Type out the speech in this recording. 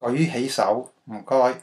舉起手，唔該。